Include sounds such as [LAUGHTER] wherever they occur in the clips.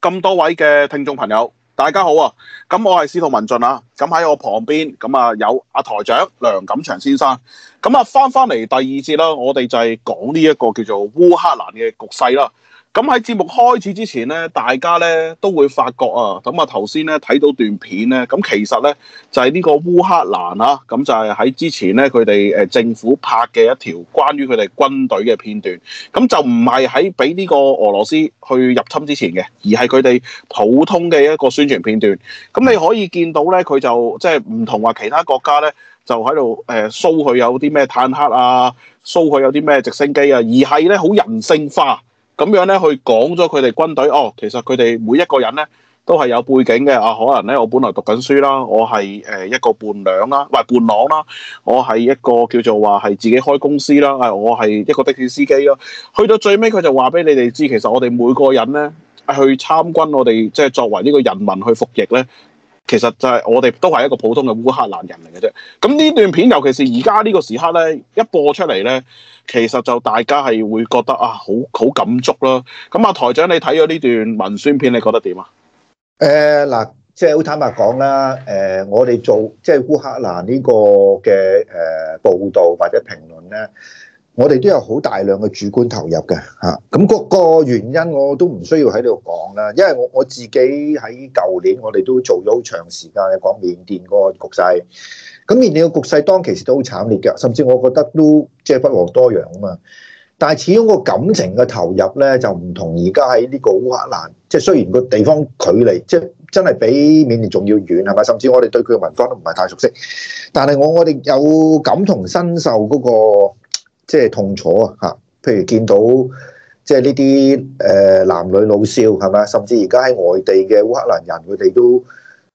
咁多位嘅聽眾朋友，大家好啊！咁我係司徒文進啊，咁喺我旁邊咁啊有阿台長梁錦祥先生，咁啊返返嚟第二節啦，啊，我哋就係講呢一個叫做烏克蘭嘅局勢啦。咁喺節目開始之前咧，大家咧都會發覺啊。咁啊，頭先咧睇到段片咧，咁其實咧就係呢個烏克蘭啊。咁就係喺之前咧，佢哋誒政府拍嘅一條關於佢哋軍隊嘅片段。咁就唔係喺俾呢個俄羅斯去入侵之前嘅，而係佢哋普通嘅一個宣傳片段。咁你可以見到咧，佢就即係唔同話其他國家咧，就喺度誒騷佢有啲咩坦克啊，騷佢有啲咩直升機啊，而係咧好人性化。咁樣咧，去講咗佢哋軍隊哦，其實佢哋每一個人咧都係有背景嘅啊，可能咧我本來讀緊書啦，我係誒一個伴娘啦，唔係伴郎啦，我係一個叫做話係自己開公司啦，誒我係一個的士司機咯。去到最尾，佢就話俾你哋知，其實我哋每個人咧去參軍我，我哋即係作為呢個人民去服役咧，其實就係、是、我哋都係一個普通嘅烏克蘭人嚟嘅啫。咁呢段片，尤其是而家呢個時刻咧，一播出嚟咧。其實就大家係會覺得啊，好好感觸咯。咁啊，台長，你睇咗呢段文宣片，你覺得點啊？誒嗱、呃，即係好坦白講啦。誒、呃，我哋做即係烏克蘭呢個嘅誒、呃、報導或者評論咧，我哋都有好大量嘅主觀投入嘅嚇。咁、啊、個個原因我都唔需要喺度講啦，因為我我自己喺舊年我哋都做咗好長時間講緬甸嗰個局勢。咁而你個局勢當其時都好慘烈嘅，甚至我覺得都即係不遑多讓啊嘛。但係始終個感情嘅投入咧就唔同而家喺呢個烏克蘭，即係雖然個地方距離即係真係比緬甸仲要遠係咪？甚至我哋對佢嘅文化都唔係太熟悉，但係我我哋有感同身受嗰個即係痛楚啊嚇。譬如見到即係呢啲誒男女老少係咪？甚至而家喺外地嘅烏克蘭人，佢哋都，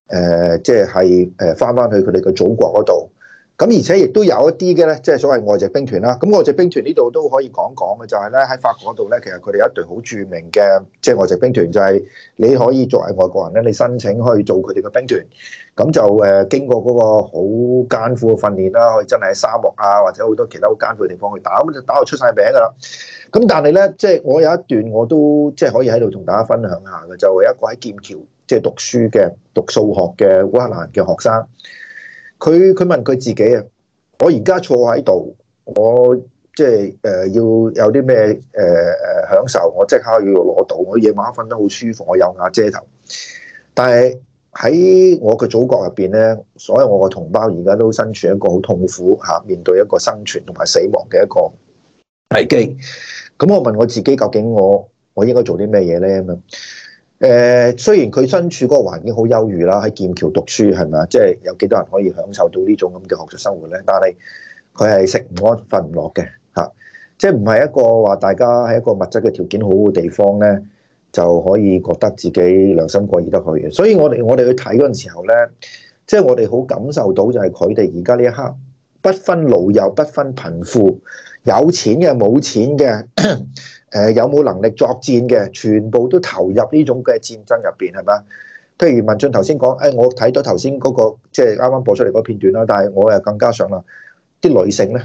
誒，即係誒，翻翻去佢哋嘅祖國嗰度，咁而且亦都有一啲嘅咧，即係所謂外籍兵團啦。咁外籍兵團呢度都可以講講嘅，就係咧喺法國度咧，其實佢哋有一隊好著名嘅，即係外籍兵團，就係你可以作為外國人咧，你申請去做佢哋嘅兵團，咁就誒經過嗰個好艱苦嘅訓練啦，可以真係喺沙漠啊或者好多其他好艱苦嘅地方去打，咁就打到出晒名噶啦。咁但係咧，即係我有一段我都即係可以喺度同大家分享下嘅，就係一個喺劍橋即係讀書嘅讀數學嘅烏克蘭嘅學生，佢佢問佢自己啊：我而家坐喺度，我即係誒、呃、要有啲咩誒誒享受？我即刻要攞到，我夜晚瞓得好舒服，我有瓦遮頭。但係喺我嘅祖國入邊咧，所有我嘅同胞而家都身處一個好痛苦嚇，啊，面對一個生存同埋死亡嘅一個危機。咁我問我自己，究竟我我應該做啲咩嘢咧咁樣？誒，雖然佢身處嗰個環境好優裕啦，喺劍橋讀書係咪啊？即係有幾多人可以享受到呢種咁嘅學習生活咧？但係佢係食唔安、瞓唔落嘅嚇，即係唔係一個話大家喺一個物質嘅條件好好嘅地方咧，就可以覺得自己良心過意得去嘅。所以我哋我哋去睇嗰陣時候咧，即係我哋好感受到就係佢哋而家呢一刻，不分老幼、不分貧富。有錢嘅、冇錢嘅，誒 [COUGHS] 有冇能力作戰嘅，全部都投入呢種嘅戰爭入邊，係咪啊？譬如文進頭先講，誒、哎、我睇到頭先嗰個即係啱啱播出嚟嗰片段啦，但係我又更加想啦，啲女性咧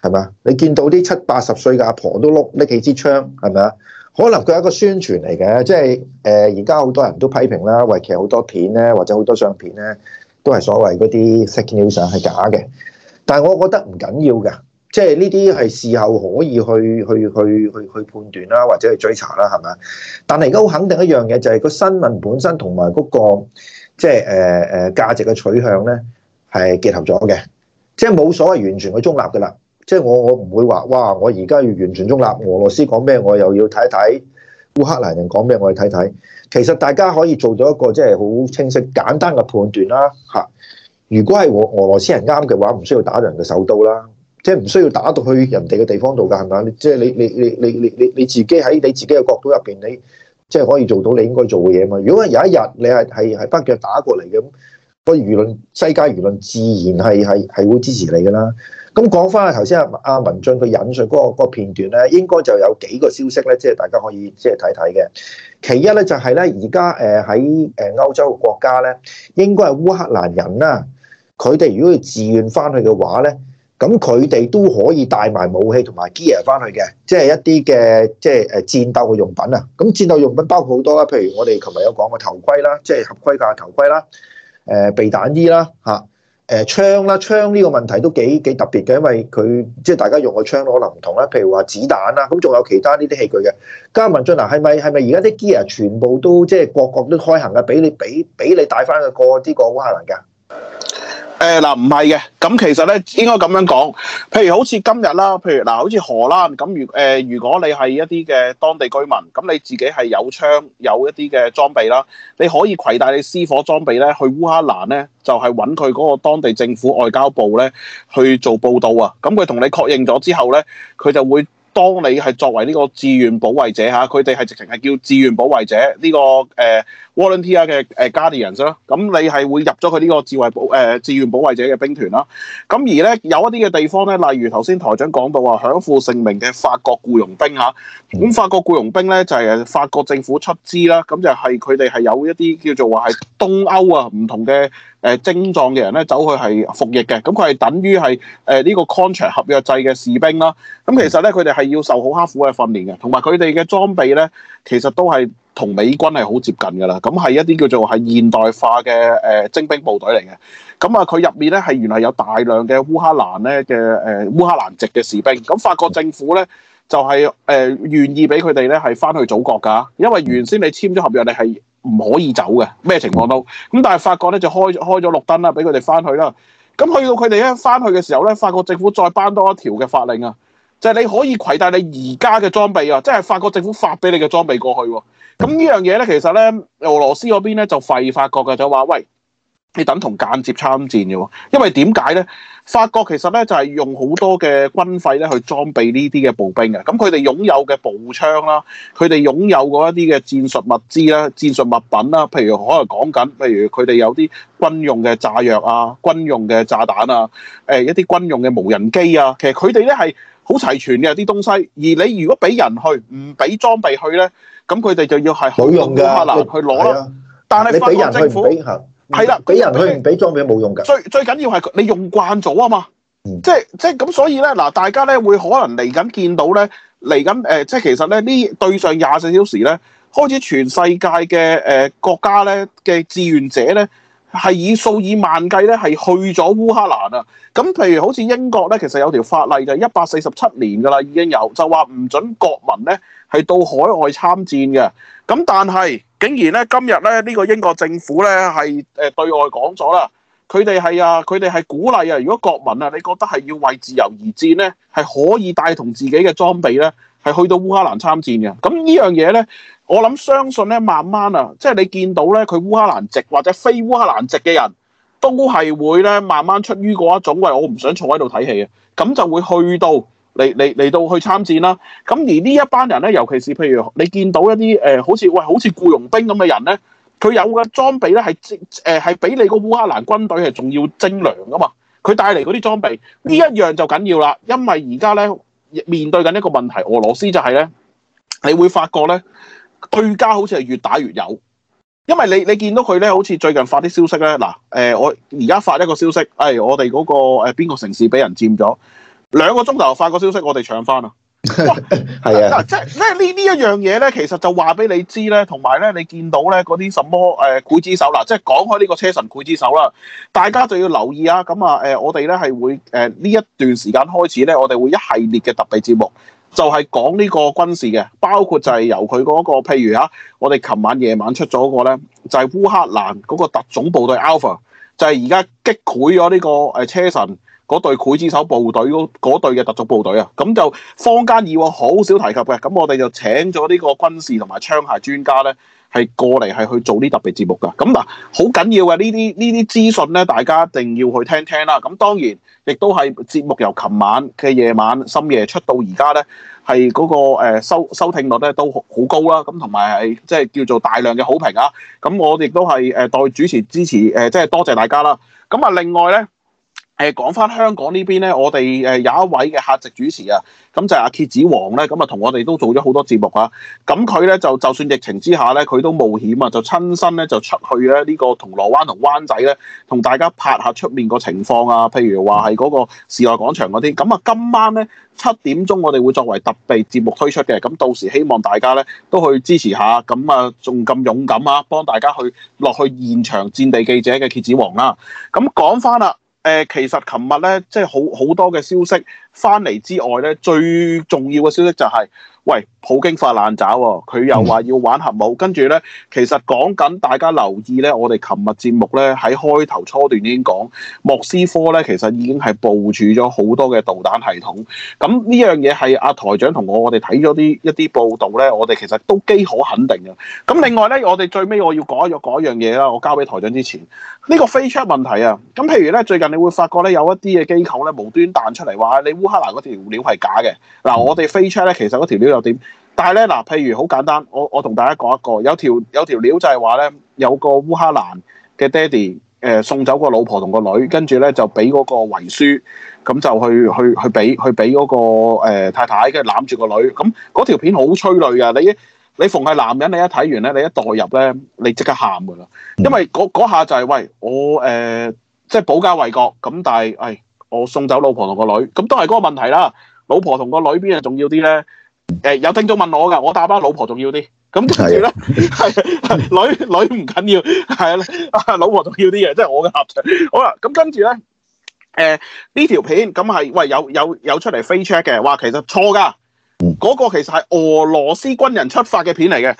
係咪啊？你見到啲七八十歲嘅阿婆，婆都碌拎起支槍，係咪啊？可能佢係一個宣傳嚟嘅，即係誒而家好多人都批評啦，話其實好多片咧或者好多相片咧都係所謂嗰啲 fake news 係假嘅，但係我覺得唔緊要㗎。即係呢啲係事後可以去去去去去判斷啦，或者去追查啦，係咪？但係而家好肯定一樣嘢，就係個新聞本身同埋嗰個即係誒誒價值嘅取向咧，係結合咗嘅。即係冇所謂完全嘅中立嘅啦。即係我我唔會話哇！我而家要完全中立，俄羅斯講咩我又要睇睇，烏克蘭人講咩我又要睇睇。其實大家可以做咗一個即係好清晰簡單嘅判斷啦。嚇！如果係俄俄羅斯人啱嘅話，唔需要打人嘅首都啦。即係唔需要打到去人哋嘅地方度㗎，係咪？即係你你你你你你你自己喺你自己嘅角度入邊，你即係可以做到你應該做嘅嘢嘛。如果有一日你係係係北約打過嚟嘅，個輿論世界輿論自然係係係會支持你㗎啦。咁講翻頭先阿阿文進佢引述嗰個嗰個片段咧，應該就有幾個消息咧，即係大家可以即係睇睇嘅。其一咧就係咧，而家誒喺誒歐洲國家咧，應該係烏克蘭人啦，佢哋如果要自願翻去嘅話咧。咁佢哋都可以帶埋武器同埋 gear 翻去嘅，即係一啲嘅即係誒戰鬥嘅用品啊。咁戰鬥用品包括好多啦，譬如我哋琴日有講過頭盔啦，即係合規格嘅頭盔啦，誒避彈衣啦，嚇，誒槍啦，槍呢個問題都幾幾特別嘅，因為佢即係大家用嘅槍可能唔同啦，譬如話子彈啦，咁仲有其他呢啲器具嘅。加文進啊，係咪係咪而家啲 gear 全部都即係個個都開行嘅，俾你俾俾你帶翻去個啲個烏克蘭㗎？誒嗱唔係嘅，咁、呃、其實咧應該咁樣講，譬如好似今日啦，譬如嗱，好似荷蘭咁，如誒、呃，如果你係一啲嘅當地居民，咁你自己係有槍有一啲嘅裝備啦，你可以攜帶你私夥裝備咧去烏克蘭咧，就係揾佢嗰個當地政府外交部咧去做報到啊，咁佢同你確認咗之後咧，佢就會。當你係作為呢個志願保衛者嚇，佢哋係直情係叫志願保衛者呢、這個誒 volunteer 嘅誒 guardians 咯。咁、呃、你係會入咗佢呢個智慧保誒志、呃、願保衛者嘅兵團啦。咁而咧有一啲嘅地方咧，例如頭先台長講到話，享負盛名嘅法國僱傭兵啊。咁法國僱傭兵咧就係、是、法國政府出資啦，咁就係佢哋係有一啲叫做話係東歐啊唔同嘅。誒精壯嘅人咧，走去係服役嘅，咁佢係等於係誒呢個 contract 合約制嘅士兵啦。咁、嗯、其實咧，佢哋係要受好刻苦嘅訓練嘅，同埋佢哋嘅裝備咧，其實都係同美軍係好接近噶啦。咁、嗯、係一啲叫做係現代化嘅誒精兵部隊嚟嘅。咁、嗯、啊，佢入面咧係原來有大量嘅烏克蘭咧嘅誒烏克蘭籍嘅士兵。咁、嗯、法國政府咧。就係、是、誒、呃、願意俾佢哋咧，係翻去祖國㗎，因為原先你簽咗合約，你係唔可以走嘅，咩情況都咁。但係法國咧就開開咗綠燈啦，俾佢哋翻去啦。咁去到佢哋咧翻去嘅時候咧，法國政府再頒多一條嘅法令啊，就係、是、你可以攜帶你而家嘅裝備啊，即、就、係、是、法國政府發俾你嘅裝備過去喎。咁呢樣嘢咧，其實咧，俄羅斯嗰邊咧就廢法國嘅，就話喂。你等同間接參戰嘅喎，因為點解咧？法國其實咧就係用好多嘅軍費咧去裝備呢啲嘅步兵嘅，咁佢哋擁有嘅步槍啦，佢哋擁有嗰一啲嘅戰術物資啦、戰術物品啦，譬如可能講緊，譬如佢哋有啲軍用嘅炸藥啊、軍用嘅炸彈啊、誒、呃、一啲軍用嘅無人機啊，其實佢哋咧係好齊全嘅有啲東西。而你如果俾人去唔俾裝備去咧，咁佢哋就要係好艱難去攞啦。但係法國政府。係啦，俾人去，唔俾裝備冇用噶。最最緊要係你用慣咗啊嘛。嗯、即係即係咁，所以咧嗱，大家咧會可能嚟緊見到咧，嚟緊誒，即係其實咧，呢對上廿四小時咧，開始全世界嘅誒、呃、國家咧嘅志願者咧，係以數以萬計咧，係去咗烏克蘭啊。咁譬如好似英國咧，其實有條法例就一百四十七年噶啦，已經有就話唔准國民咧係到海外參戰嘅。咁但係。竟然咧，今日咧呢、呢個英國政府咧係誒對外講咗啦，佢哋係啊，佢哋係鼓勵啊，如果國民啊，你覺得係要為自由而戰咧，係可以帶同自己嘅裝備咧，係去到烏克蘭參戰嘅。咁呢樣嘢咧，我諗相信咧，慢慢啊，即係你見到咧，佢烏克蘭籍或者非烏克蘭籍嘅人都係會咧，慢慢出於嗰一種，喂，我唔想坐喺度睇戲嘅，咁就會去到。嚟嚟嚟到去參戰啦！咁而一呢一班人咧，尤其是譬如你見到一啲誒、呃，好似喂，好似僱傭兵咁嘅人咧，佢有嘅裝備咧係精誒，呃、係比你個烏克蘭軍隊係仲要精良噶嘛！佢帶嚟嗰啲裝備，呢一樣就緊要啦。因為而家咧面對緊一個問題，俄羅斯就係咧，你會發覺咧對家好似係越打越有，因為你你見到佢咧，好似最近發啲消息咧，嗱誒、呃，我而家發一個消息，誒、哎，我哋嗰、那個誒邊、哎那個、個城市俾人佔咗。兩個鐘頭發個消息，我哋搶翻啊！係啊，即即係呢呢一樣嘢咧，其實就話俾你知咧，同埋咧，你見到咧嗰啲什麼誒劊子手嗱，即係講開呢個車臣劊子手啦，大家就要留意啊！咁啊誒，我哋咧係會誒呢、呃、一段時間開始咧，我哋會一系列嘅特別節目，就係講呢個軍事嘅，包括就係由佢嗰、那個譬如啊，我哋琴晚夜晚出咗、那個咧，就係、是、烏克蘭嗰個特種部隊 Alpha，就係而家擊潰咗呢個誒車臣。嗰隊劊子手部隊嗰隊嘅特種部隊啊，咁就坊間以往好少提及嘅，咁我哋就請咗呢個軍事同埋槍械專家咧，係過嚟係去做呢特別節目噶。咁嗱，好緊要嘅呢啲呢啲資訊咧，大家一定要去聽聽啦。咁當然亦都係節目由琴晚嘅夜晚深夜出到而家咧，係嗰、那個、呃、收收聽率咧都好高啦。咁同埋係即係叫做大量嘅好評啊。咁我哋亦都係誒代主持支持誒，即係多謝大家啦。咁啊，另外咧。誒，講翻香港呢邊咧，我哋誒有一位嘅客席主持啊，咁就係阿蠍子王咧，咁啊同我哋都做咗好多節目啊。咁佢咧就就算疫情之下咧，佢都冒險啊，就親身咧就出去咧呢個銅鑼灣同灣仔咧，同大家拍下出面個情況啊。譬如話係嗰個時代廣場嗰啲。咁啊，今晚咧七點鐘，我哋會作為特備節目推出嘅。咁到時希望大家咧都去支持下。咁啊，仲咁勇敢啊，幫大家去落去現場戰地記者嘅蠍子王啦。咁講翻啦。誒、呃，其實琴日咧，即係好好多嘅消息翻嚟之外咧，最重要嘅消息就係、是，喂。普京發爛渣、哦，佢又話要玩核武，跟住呢，其實講緊大家留意呢。我哋琴日節目呢，喺開頭初段已經講莫斯科呢，其實已經係部署咗好多嘅導彈系統。咁、嗯、呢樣嘢係阿台長同我、我，我哋睇咗啲一啲報道呢，我哋其實都幾可肯定嘅。咁、嗯、另外呢，我哋最尾我要改一改一樣嘢啦，我交俾台長之前，呢、這個飛 check 問題啊。咁、嗯、譬如呢，最近你會發覺呢，有一啲嘅機構呢，無端彈出嚟話你烏克蘭嗰條料係假嘅。嗱、嗯，我哋飛 check 呢，其實嗰條料又點？但係咧嗱，譬如好簡單，我我同大家講一個，有條有條料就係話咧，有個烏克蘭嘅爹哋，誒、呃、送走個老婆同個女，跟住咧就俾嗰個遺書，咁就去去去俾去俾嗰、那個、呃、太太，跟住攬住個女，咁嗰條片好催淚噶，你你逢係男人，你一睇完咧，你一代入咧，你即刻喊噶啦，因為嗰嗰下就係、是、喂我誒、呃，即係保家衛國，咁但係誒我送走老婆同個女，咁都係嗰個問題啦，老婆同個女邊係重要啲咧？誒、嗯呃，有聽眾問我噶，我打包老婆重要啲，咁跟住咧係女女唔緊要，係啊，老婆重要啲嘢，即、嗯、係 [LAUGHS] 我嘅立場。好、嗯、啦，咁跟住咧，誒、呃、呢條片咁係、嗯，喂有有有出嚟 fake check 嘅，話其實錯噶，嗰、嗯、個其實係俄羅斯軍人出發嘅片嚟嘅，咁、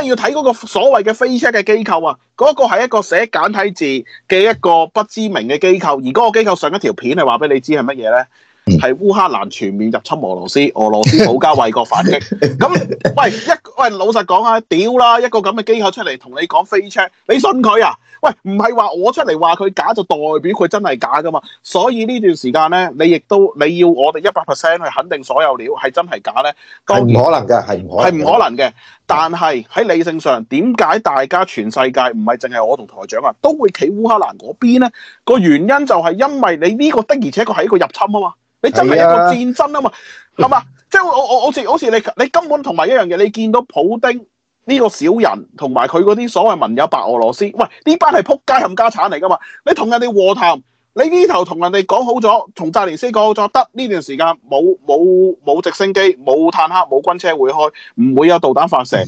嗯、你要睇嗰個所謂嘅 fake check 嘅機構啊，嗰、那個係一個寫簡體字嘅一個不知名嘅機構，而嗰個機構上一條片係話俾你知係乜嘢咧？係烏克蘭全面入侵俄羅斯，俄羅斯武家衛國反擊。咁 [LAUGHS] 喂，一喂，老實講啊，屌啦，一個咁嘅機構出嚟同你講飛 c 你信佢啊？喂，唔係話我出嚟話佢假就代表佢真係假噶嘛？所以呢段時間呢，你亦都你要我哋一百 percent 去肯定所有料係真係假的呢？唔可能噶，係唔可能，係唔可能嘅。但係喺理性上，點解大家全世界唔係淨係我同台長啊，都會企烏克蘭嗰邊咧？個原因就係因為你呢個的，而且確係一個入侵啊嘛，你真係一個戰爭啊嘛，係嘛？即係我我好似好似你你根本同埋一樣嘢，你見到普丁呢個小人同埋佢嗰啲所謂盟友白俄羅斯，喂呢班係仆街冚家產嚟㗎嘛？你同人哋和談。你呢頭同人哋講好咗，同扎尼斯講好咗，得呢段時間冇冇冇直升機、冇坦克、冇軍車會開，唔會有導彈發射。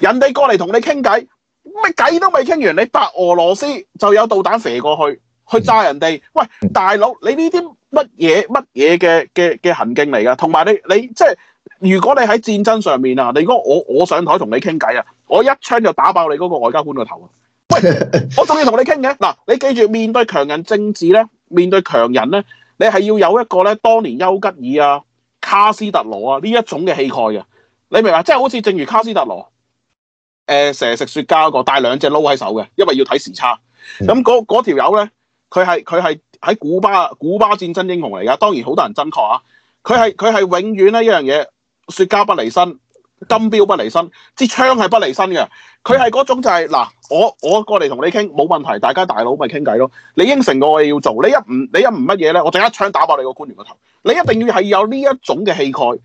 人哋過嚟同你傾偈，乜偈都未傾完，你白俄羅斯就有導彈射過去，去炸人哋。喂，大佬，你呢啲乜嘢乜嘢嘅嘅嘅行徑嚟㗎？同埋你你即係，如果你喺戰爭上面啊，你如果我我上台同你傾偈啊，我一槍就打爆你嗰個外交官個頭啊！喂，我仲要同你傾嘅嗱，你記住面對強人政治咧。面對強人咧，你係要有一個咧，當年丘吉爾啊、卡斯特羅啊呢一種嘅氣概嘅，你明白？即係好似正如卡斯特羅，誒、呃，成日食雪茄嗰個戴兩隻撈喺手嘅，因為要睇時差。咁嗰嗰條友咧，佢係佢係喺古巴古巴戰爭英雄嚟噶，當然好多人爭確啊。佢係佢係永遠咧一樣嘢，雪茄不離身。金表不離身，支槍係不離身嘅。佢係嗰種就係、是、嗱，我我過嚟同你傾冇問題，大家大佬咪傾偈咯。你應承我，我要做。你一唔你一唔乜嘢咧，我就一槍打爆你個官員個頭。你一定要係有呢一種嘅氣概。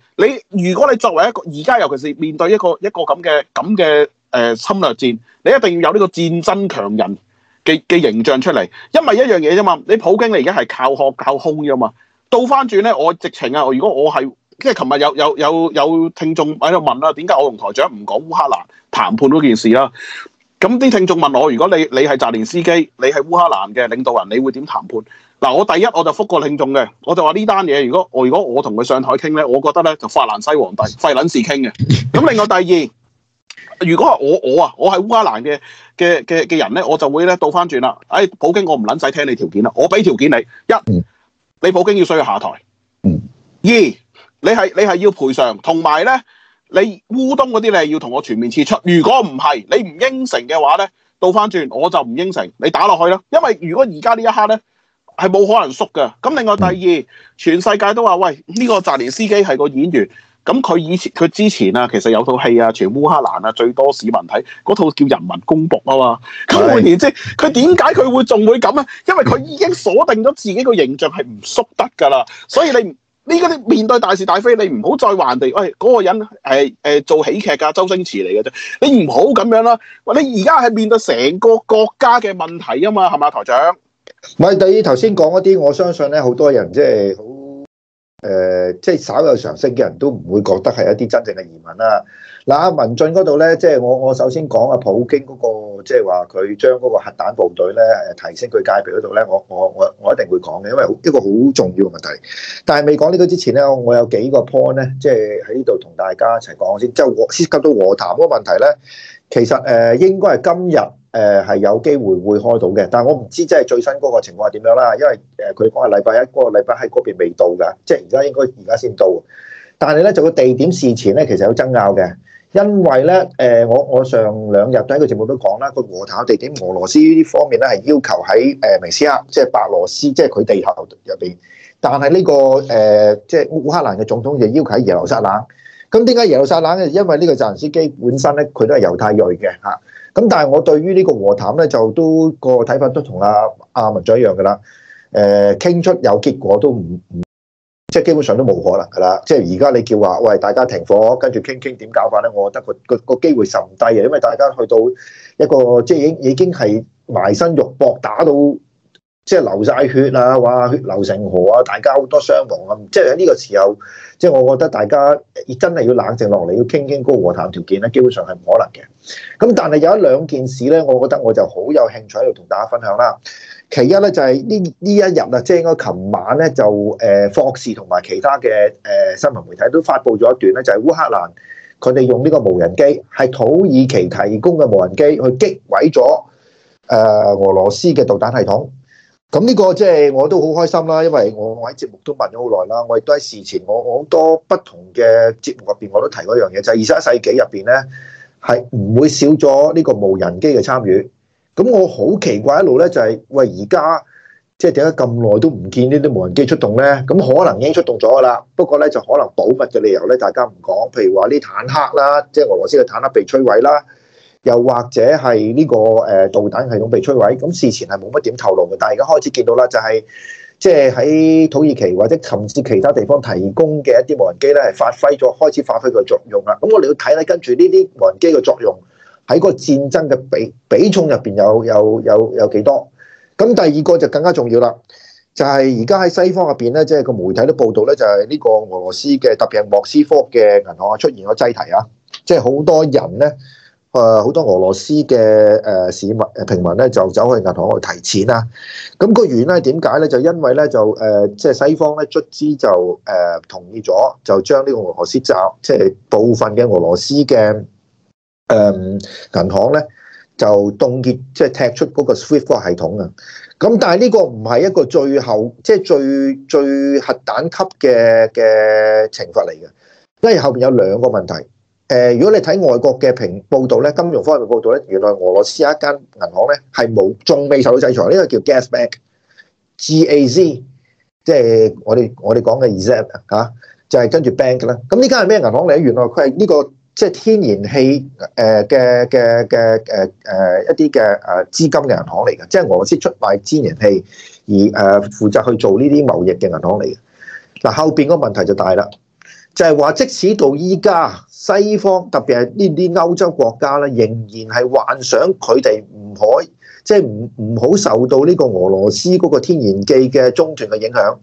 你如果你作為一個而家，尤其是面對一個一個咁嘅咁嘅誒侵略戰，你一定要有呢個戰爭強人嘅嘅形象出嚟。因為一樣嘢啫嘛，你普京你而家係靠殼靠空啫嘛。倒翻轉咧，我直情啊，如果我係。即係琴日有有有有聽眾喺度問啦、啊，點解我同台長唔講烏克蘭談判嗰件事啦、啊？咁啲聽眾問我，如果你你係澤連斯基，你係烏克蘭嘅領導人，你會點談判？嗱，我第一我就覆過聽眾嘅，我就話呢單嘢，如果我如果我同佢上台傾咧，我覺得咧就法蘭西皇帝費撚事傾嘅。咁另外第二，如果係我我啊，我係烏克蘭嘅嘅嘅嘅人咧，我就會咧倒翻轉啦。哎，普京我唔撚使聽你條件啦，我俾條件你一，你普京要需要下台，二。你係你係要賠償，同埋咧，你烏冬嗰啲你係要同我全面撤出。如果唔係，你唔應承嘅話咧，倒翻轉我就唔應承，你打落去啦。因為如果而家呢一刻咧，係冇可能縮㗎。咁另外第二，全世界都話喂呢個澤連斯基係個演員，咁佢以前佢之前啊，其實有套戲啊，全烏克蘭啊最多市民睇嗰套叫《人民公僕》啊嘛。咁是換言之，佢點解佢會仲會咁啊？因為佢已經鎖定咗自己個形象係唔縮得㗎啦。所以你而家你面對大是大非，你唔好再話人哋。喂、哎，嗰、那個人誒誒、呃、做喜劇㗎，周星馳嚟嘅啫。你唔好咁樣啦。你而家係面對成個國家嘅問題啊嘛，係咪啊，台長？唔係第二頭先講嗰啲，我相信咧，好多人即、就、係、是誒，即係稍有常識嘅人都唔會覺得係一啲真正嘅移民啦。嗱，阿文進嗰度咧，即係我我首先講阿普京嗰、嗰個，即係話佢將嗰個核彈部隊咧提升佢戒備嗰度咧，我我我我一定會講嘅，因為一個好重要嘅問題。但係未講呢個之前咧，我有幾個 point 咧，即係喺呢度同大家一齊講先。即係涉及到和談嗰個問題咧，其實誒，應該係今日。誒係有機會會開到嘅，但係我唔知即係最新嗰個情況係點樣啦。因為誒佢嗰個禮拜一嗰個禮拜喺嗰邊未到嘅，即係而家應該而家先到。但係咧就個地點事前咧其實有爭拗嘅，因為咧誒我我上兩日喺個節目都講啦，個和談地點俄羅斯呢方面咧係要求喺誒明斯克，即係白羅斯，即係佢地下入邊。但係呢個誒即係烏克蘭嘅總統就要求喺耶路撒冷。咁點解耶路撒冷嘅？因為呢個澤連斯基本身咧佢都係猶太裔嘅嚇。咁但係我對於呢個和談呢，就都個睇法都同阿阿文長一樣嘅啦。誒、呃，傾出有結果都唔唔，即係基本上都冇可能嘅啦。即係而家你叫話，喂大家停火，跟住傾傾點搞法呢，我覺得個個個機會甚低嘅，因為大家去到一個即係已已經係埋身肉搏打到。即係流晒血啊！哇，血流成河啊！大家好多傷亡啊！即係喺呢個時候，即係我覺得大家真係要冷靜落嚟，要傾傾高和談條件咧，基本上係唔可能嘅。咁但係有一兩件事咧，我覺得我就好有興趣喺度同大家分享啦。其一咧就係呢呢一日啊，即係應該琴晚咧就誒，霍士同埋其他嘅誒新聞媒體都發布咗一段咧，就係烏克蘭佢哋用呢個無人機係土耳其提供嘅無人機去擊毀咗誒俄羅斯嘅導彈系統。咁呢個即係我都好開心啦，因為我喺節目都問咗好耐啦。我亦都喺事前，我好多不同嘅節目入邊，我都提過一樣嘢，就係二十一世紀入邊咧，係唔會少咗呢個無人機嘅參與。咁我好奇怪一路咧，就係喂，而家即係點解咁耐都唔見呢啲無人機出動咧。咁可能已經出動咗噶啦，不過咧就可能保密嘅理由咧，大家唔講。譬如話啲坦克啦，即係俄羅斯嘅坦克被摧毀啦。又或者係呢個誒導彈系統被摧毀，咁事前係冇乜點透露嘅，但係而家開始見到啦，就係即係喺土耳其或者甚至其他地方提供嘅一啲無人機咧，係發揮咗開始發揮嘅作用啦。咁我哋要睇咧，跟住呢啲無人機嘅作用喺嗰個戰爭嘅比比重入邊有有有有幾多？咁第二個就更加重要啦，就係而家喺西方入邊咧，即係個媒體都報道咧，就係、是、呢個俄羅斯嘅，特別係莫斯科嘅銀行啊出現咗擠提啊，即係好多人咧。誒好、呃、多俄羅斯嘅誒市民誒平民咧就走去銀行去提錢啦、啊，咁、那個原因咧點解咧？就因為咧就誒即係西方咧卒之就誒、呃、同意咗，就將呢個俄羅斯集即係部分嘅俄羅斯嘅誒、呃、銀行咧就凍結，即係踢出嗰個 SWIFT 系統啊！咁但係呢個唔係一個最後即係最最核彈級嘅嘅懲罰嚟嘅，因為後邊有兩個問題。誒，如果你睇外國嘅評報導咧，金融方面嘅報導咧，原來俄羅斯一間銀行咧係冇，仲未受到制裁。呢、這個叫 Gas Bank G A Z，即係我哋我哋講嘅 r e s 就係、是、跟住 bank 啦。咁呢間係咩銀行嚟？原來佢係呢個即係、就是、天然氣誒嘅嘅嘅誒誒一啲嘅誒資金嘅銀行嚟嘅，即、就、係、是、俄羅斯出賣天然氣而誒、啊、負責去做呢啲貿易嘅銀行嚟嘅嗱。後邊個問題就大啦，就係、是、話即使到依家。西方特別係呢啲歐洲國家咧，仍然係幻想佢哋唔可即係唔唔好受到呢個俄羅斯嗰個天然氣嘅中斷嘅影響，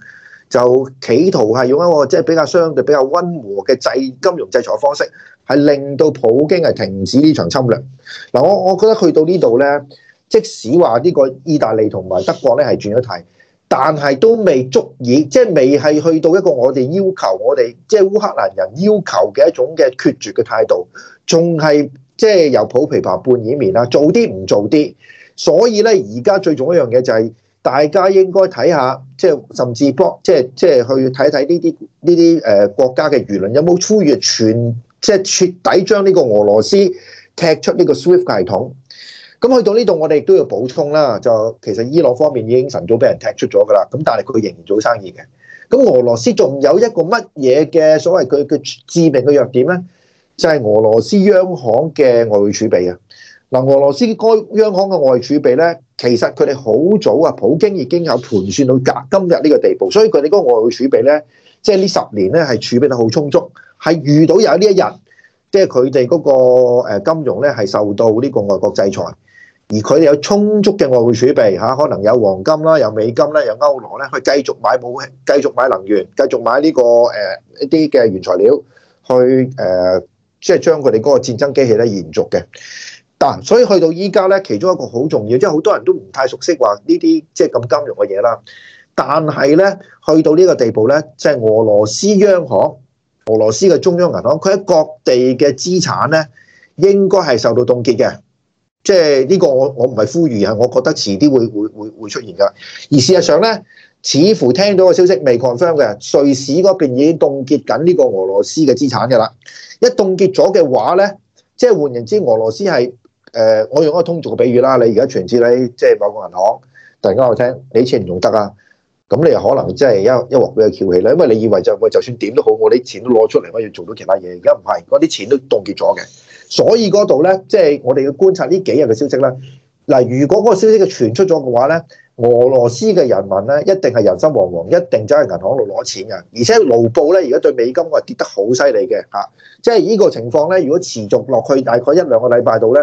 就企圖係用一個即係比較相對比較溫和嘅制金融制裁方式，係令到普京係停止呢場侵略嗱。我我覺得去到呢度呢，即使話呢個意大利同埋德國呢係轉咗軚。但係都未足以，即係未係去到一個我哋要求我，我哋即係烏克蘭人要求嘅一種嘅決絕嘅態度，仲係即係又抱琵琶半掩面啦，做啲唔做啲。所以呢，而家最重要一樣嘢就係大家應該睇下，即係甚至博、就是，即係即係去睇睇呢啲呢啲誒國家嘅輿論有冇呼籲全，即係徹底將呢個俄羅斯踢出呢個 SWIFT 系統。咁去到呢度，我哋亦都要補充啦。就其實伊朗方面已經晨早俾人踢出咗噶啦。咁但係佢仍然做生意嘅。咁俄羅斯仲有一個乜嘢嘅所謂佢嘅致命嘅弱點呢？就係俄羅斯央行嘅外匯儲備啊！嗱，俄羅斯該央行嘅外匯儲備呢，其實佢哋好早啊，普京已經有盤算到隔今日呢個地步，所以佢哋嗰個外匯儲備呢，即係呢十年呢係儲備得好充足，係遇到有呢一日，即係佢哋嗰個誒金融呢，係受到呢個外國制裁。而佢哋有充足嘅外匯儲備吓、啊，可能有黃金啦，有美金啦，有歐羅咧，去繼續買武器，繼續買能源，繼續買呢、這個誒、呃、一啲嘅原材料，去誒即係將佢哋嗰個戰爭機器咧延續嘅。但、啊、所以去到依家咧，其中一個好重要，即係好多人都唔太熟悉話呢啲即係咁金融嘅嘢啦。但係咧，去到呢個地步咧，即、就、係、是、俄羅斯央行、俄羅斯嘅中央銀行，佢喺各地嘅資產咧，應該係受到凍結嘅。即係呢個我我唔係呼籲，係我覺得遲啲會會會會出現㗎。而事實上咧，似乎聽到個消息未 confirm 嘅，瑞士嗰邊已經凍結緊呢個俄羅斯嘅資產㗎啦。一凍結咗嘅話咧，即係換言之，俄羅斯係誒、呃，我用一個通俗嘅比喻啦，你而家存住喺即係某個銀行，突然間我聽你啲錢唔用得啊，咁你又可能即係一一鑊俾佢翹起啦，因為你以為就喂，就算點都好，我啲錢都攞出嚟我要做到其他嘢，而家唔係，嗰啲錢都凍結咗嘅。所以嗰度呢，即係我哋要觀察呢幾日嘅消息啦。嗱，如果嗰個消息嘅傳出咗嘅話呢，俄羅斯嘅人民呢，一定係人心惶惶，一定走去銀行度攞錢嘅。而且盧布呢，而家對美金係跌得好犀利嘅嚇，即係呢個情況呢，如果持續落去大概一兩個禮拜度呢，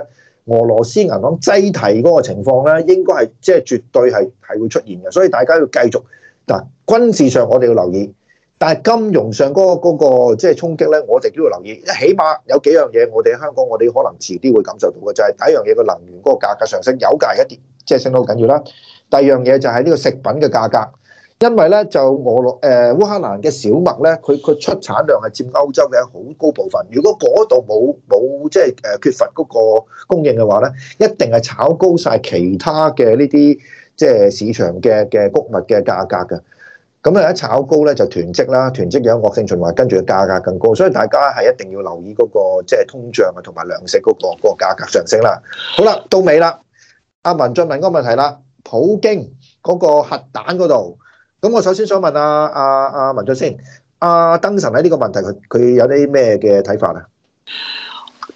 俄羅斯銀行擠提嗰個情況呢，應該係即係絕對係係會出現嘅。所以大家要繼續嗱，軍事上我哋要留意。但係金融上嗰個即係衝擊咧，我哋都要留意。一起碼有幾樣嘢，我哋香港，我哋可能遲啲會感受到嘅就係、是、第一樣嘢個能源嗰個價格上升有價一啲，即、就、係、是、升得好緊要啦。第二樣嘢就係呢個食品嘅價格，因為咧就俄羅誒烏克蘭嘅小麥咧，佢佢出產量係佔歐洲嘅好高部分。如果嗰度冇冇即係誒缺乏嗰個供應嘅話咧，一定係炒高晒其他嘅呢啲即係市場嘅嘅穀物嘅價格嘅。咁啊！一炒高咧就囤積啦，囤積有惡性循環，跟住個價格更高，所以大家係一定要留意嗰、那個即係、就是、通脹啊，同埋糧食嗰、那個嗰、那個、價格上升啦。好啦，到尾啦，阿文俊問個問題啦，普京嗰個核彈嗰度，咁我首先想問阿阿阿文俊先，阿、啊、登神喺呢個問題佢佢有啲咩嘅睇法啊？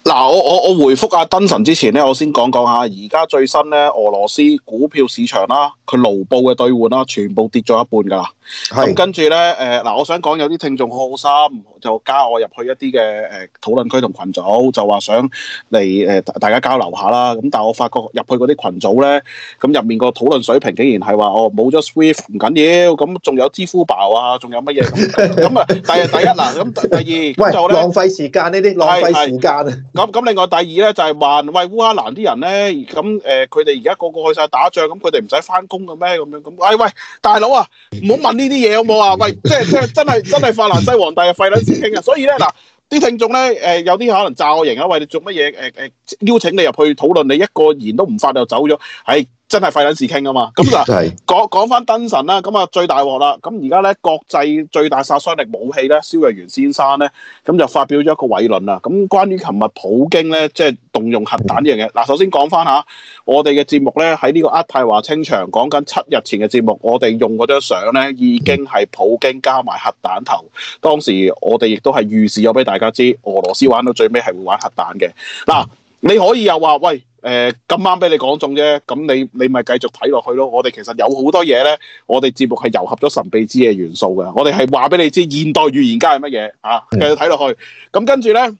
嗱，我我我回覆阿、啊、登神之前咧，我先講講下而家最新咧，俄羅斯股票市場啦，佢盧布嘅兌換啦，全部跌咗一半噶啦。咁是、啊、跟住咧，誒、呃，嗱，我想講有啲聽眾好心就加我入去一啲嘅誒討論區同群組，就話想嚟誒大家交流下啦。咁但係我發覺入去嗰啲群組咧，咁、啊、入面個討論水平竟然係話哦，冇咗 Swift 唔緊要，咁仲有支付寶啊，仲有乜嘢咁啊？第第一啦，咁第二， [LAUGHS] 喂，浪費時間呢啲，浪費時間。 [LAUGHS] [LAUGHS] 咁咁，另外第二咧就係話，喂，烏克蘭啲人咧，咁誒佢哋而家個個去曬打仗，咁佢哋唔使翻工嘅咩？咁樣咁，喂喂，大佬啊，唔好問呢啲嘢好冇啊？喂，即係即係真係真係法蘭西皇帝嘅廢撚事傾啊！所以咧嗱，啲聽眾咧誒有啲可能詐我型啊！喂，你做乜嘢？誒誒，邀請你入去討論，你一個言都唔發就走咗，唉。真係費撚事傾啊嘛，咁就講講翻燈神啦，咁啊最大鑊啦，咁而家咧國際最大殺傷力武器咧，蕭若元先生咧，咁就發表咗一個偉論啦。咁關於琴日普京咧，即係動用核彈呢樣嘢，嗱、嗯、首先講翻嚇我哋嘅節目咧，喺呢個阿太華清場講緊七日前嘅節目，我哋用嗰張相咧已經係普京加埋核彈頭，當時我哋亦都係預示咗俾大家知，俄羅斯玩到最尾係會玩核彈嘅。嗱、嗯，你可以又話喂？誒咁啱俾你講中啫，咁你你咪繼續睇落去咯。我哋其實有好多嘢咧，我哋節目係糅合咗神秘之嘅元素嘅。我哋係話俾你知現代預言家係乜嘢啊？繼續睇落去，咁跟住咧。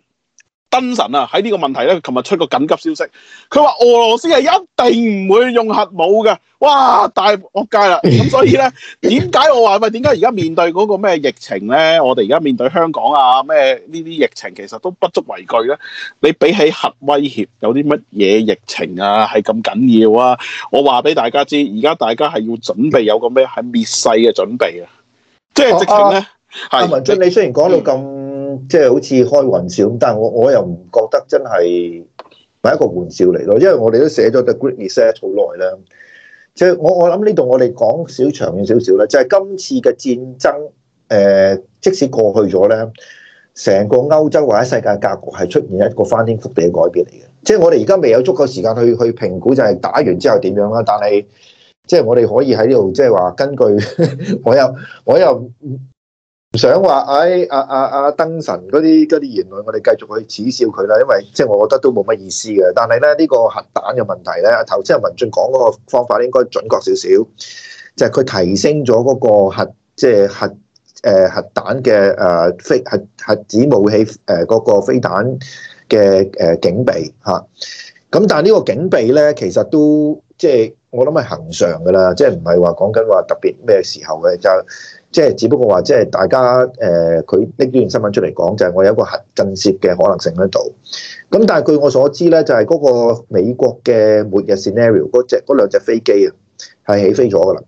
登神啊，喺呢個問題咧，琴日出個緊急消息，佢話俄羅斯係一定唔會用核武嘅。哇！大惡界啦，咁所以咧，點解我話喂，點解而家面對嗰個咩疫情咧？我哋而家面對香港啊咩呢啲疫情，其實都不足為懼咧。你比起核威脅，有啲乜嘢疫情啊係咁緊要啊？我話俾大家知，而家大家係要準備有個咩係滅世嘅準備，就是，啊！即係直情咧，係文進，是你雖然講到咁。即係好似開玩笑咁，但係我我又唔覺得真係係一個玩笑嚟咯，因為我哋都寫咗 The Great Reset 好耐啦。即係我我諗呢度我哋講少長遠少少咧，就係、是、今次嘅戰爭，誒、呃、即使過去咗咧，成個歐洲或者世界格局係出現一個翻天覆地嘅改變嚟嘅。即、就、係、是、我哋而家未有足夠時間去去評估，就係打完之後點樣啦。但係即係我哋可以喺呢度即係話根據， [LAUGHS] 我又我又。唔想話哎，阿阿阿燈神嗰啲啲言論，我哋繼續去恥笑佢啦，因為即係、就是、我覺得都冇乜意思嘅。但係咧呢、這個核彈嘅問題咧，頭先阿文俊講嗰個方法咧，應該準確少少，就係、是、佢提升咗嗰個核，即、就、係、是、核誒核彈嘅誒飛核核、核子武器誒嗰個飛彈嘅誒警備吓。咁、啊、但係呢個警備咧，其實都即係、就是、我諗係恆常噶啦，即係唔係話講緊話特別咩時候嘅就是。即係，只不過話，即係大家誒，佢拎呢段新聞出嚟講，就係、是、我有一個核震懾嘅可能性喺度。咁但係據我所知咧，就係、是、嗰個美國嘅末日 scenario 嗰隻嗰兩隻飛機啊，係起飛咗㗎喇。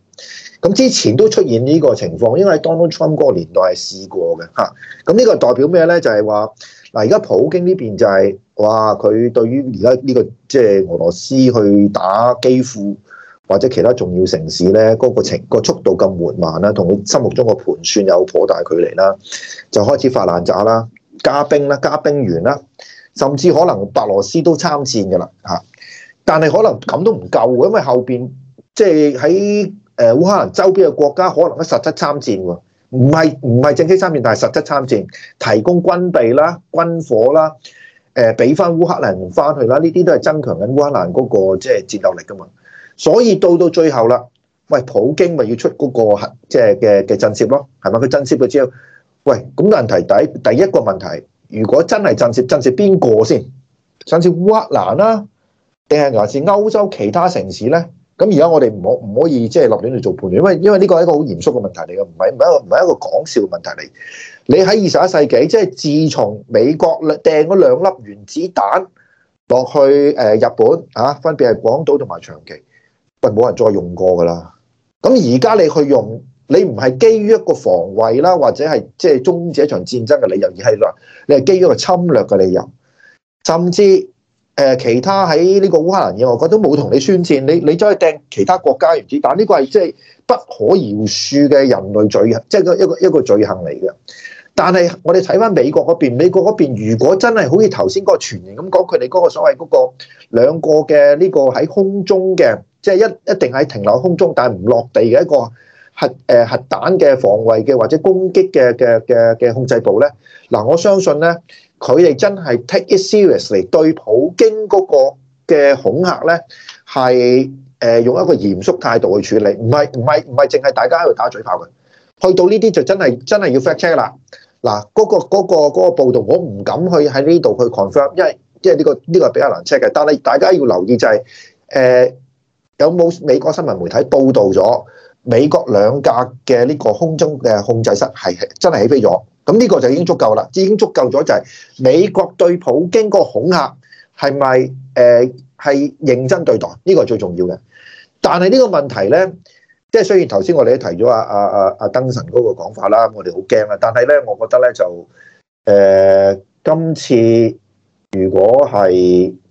咁之前都出現呢個情況，因為喺 Donald Trump 嗰個年代係試過嘅吓。咁、啊、呢個代表咩咧？就係話嗱，而家普京呢邊就係、是、哇，佢對於而家呢個即係、就是、俄羅斯去打基輔，或者其他重要城市呢，嗰、嗰個程、嗰個速度咁緩慢啦，同佢心目中個盤算有頗大距離啦，就開始發爛渣啦，加兵啦，加兵員啦，甚至可能白羅斯都參戰嘅啦吓，但係可能咁都唔夠，因為後邊即係喺誒烏克蘭周邊嘅國家可能都實質參戰喎，唔係唔係正式參戰，但係實質參戰，提供軍備啦、軍火啦，誒俾翻烏克蘭翻去啦，呢啲都係增強緊烏克蘭嗰個即係戰鬥力噶嘛。所以到到最後啦，喂，普京咪要出嗰、那個即係嘅嘅震懾咯，係、就、咪、是？佢震懾咗之後，喂，咁問題第一第一個問題，如果真係震懾震懾邊個先？甚至烏克蘭啦、啊，定係還是歐洲其他城市咧？咁而家我哋唔可唔可以即係落斷去做判斷？因為因為呢個係一個好嚴肅嘅問題嚟嘅，唔係唔係一個唔係一個講笑嘅問題嚟。你喺二十一世紀，即係自從美國掟嗰兩粒原子彈落去誒日本啊，分別係廣島同埋長崎。佢冇人再用過噶啦，咁而家你去用，你唔係基於一個防衛啦，或者係即係終止一場戰爭嘅理由，而係話你係基於一個侵略嘅理由，甚至誒、呃、其他喺呢個烏克蘭以外，佢都冇同你宣戰，你你再掟其他國家唔知，但呢個係即係不可饒恕嘅人類罪行，即係一個一個一個罪行嚟嘅。但係我哋睇翻美國嗰邊，美國嗰邊如果真係好似頭先嗰個傳言咁講，佢哋嗰個所謂嗰個兩個嘅呢個喺空中嘅，即係一一定喺停留空中但係唔落地嘅一個核誒核彈嘅防衞嘅或者攻擊嘅嘅嘅嘅控制部咧，嗱我相信咧，佢哋真係 take it seriously 對普京嗰個嘅恐嚇咧，係誒用一個嚴肅態度去處理，唔係唔係唔係淨係大家喺度打嘴炮嘅，去到呢啲就真係真係要 fact check 啦。嗱，嗰個嗰個嗰個報道，我唔敢去喺呢度去 confirm，因為因為呢個呢個比較難 check 嘅。但係大家要留意就係，誒有冇美國新聞媒體報道咗美國兩架嘅呢個空中嘅控制室係真係起飛咗？咁呢個就已經足夠啦，已經足夠咗就係美國對普京個恐嚇係咪誒係認真對待？呢個最重要嘅。但係呢個問題呢。即係雖然頭先我哋都提咗阿阿阿阿燈神嗰個講法啦，我哋好驚啊！但係咧，我覺得咧就誒、呃、今次如果係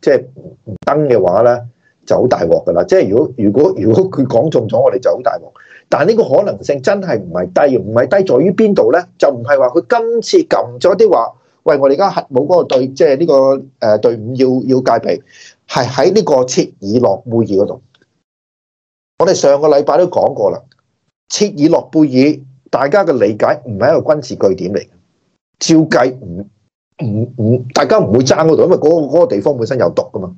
即係唔登嘅話咧，就好大鑊㗎啦！即係如果如果如果佢講中咗，我哋就好大鑊。但係呢個可能性真係唔係低，唔係低在於邊度咧？就唔係話佢今次撳咗啲話，喂！我哋而家核武嗰個隊，即係呢個誒、呃、隊伍要要戒備，係喺呢個切爾諾貝爾嗰度。我哋上個禮拜都講過啦，切爾諾貝爾大家嘅理解唔係一個軍事據點嚟嘅，照計唔唔唔，大家唔會爭嗰度，因為嗰個嗰個地方本身有毒噶嘛。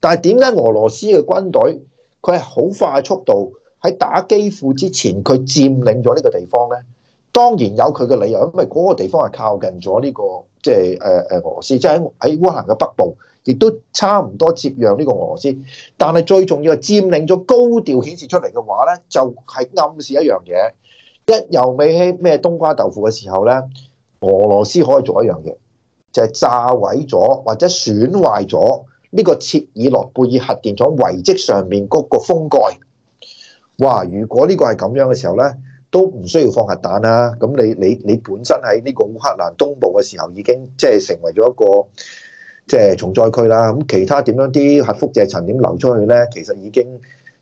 但係點解俄羅斯嘅軍隊佢係好快速度喺打基輔之前，佢佔領咗呢個地方咧？當然有佢嘅理由，因為嗰個地方係靠近咗呢個即係誒誒俄羅斯，即係喺喺烏克蘭嘅北部。亦都差唔多接壤呢個俄羅斯，但係最重要係佔領咗高調顯示出嚟嘅話咧，就係暗示一樣嘢。一又未起咩冬瓜豆腐嘅時候咧，俄羅斯可以做一樣嘢，就係炸毀咗或者損壞咗呢個切爾諾貝爾核電廠遺跡上面嗰個封蓋。哇！如果呢個係咁樣嘅時候咧，都唔需要放核彈啦。咁你你你本身喺呢個烏克蘭東部嘅時候已經即係成為咗一個。即係重災區啦，咁其他點樣啲核輻射層點流出去咧？其實已經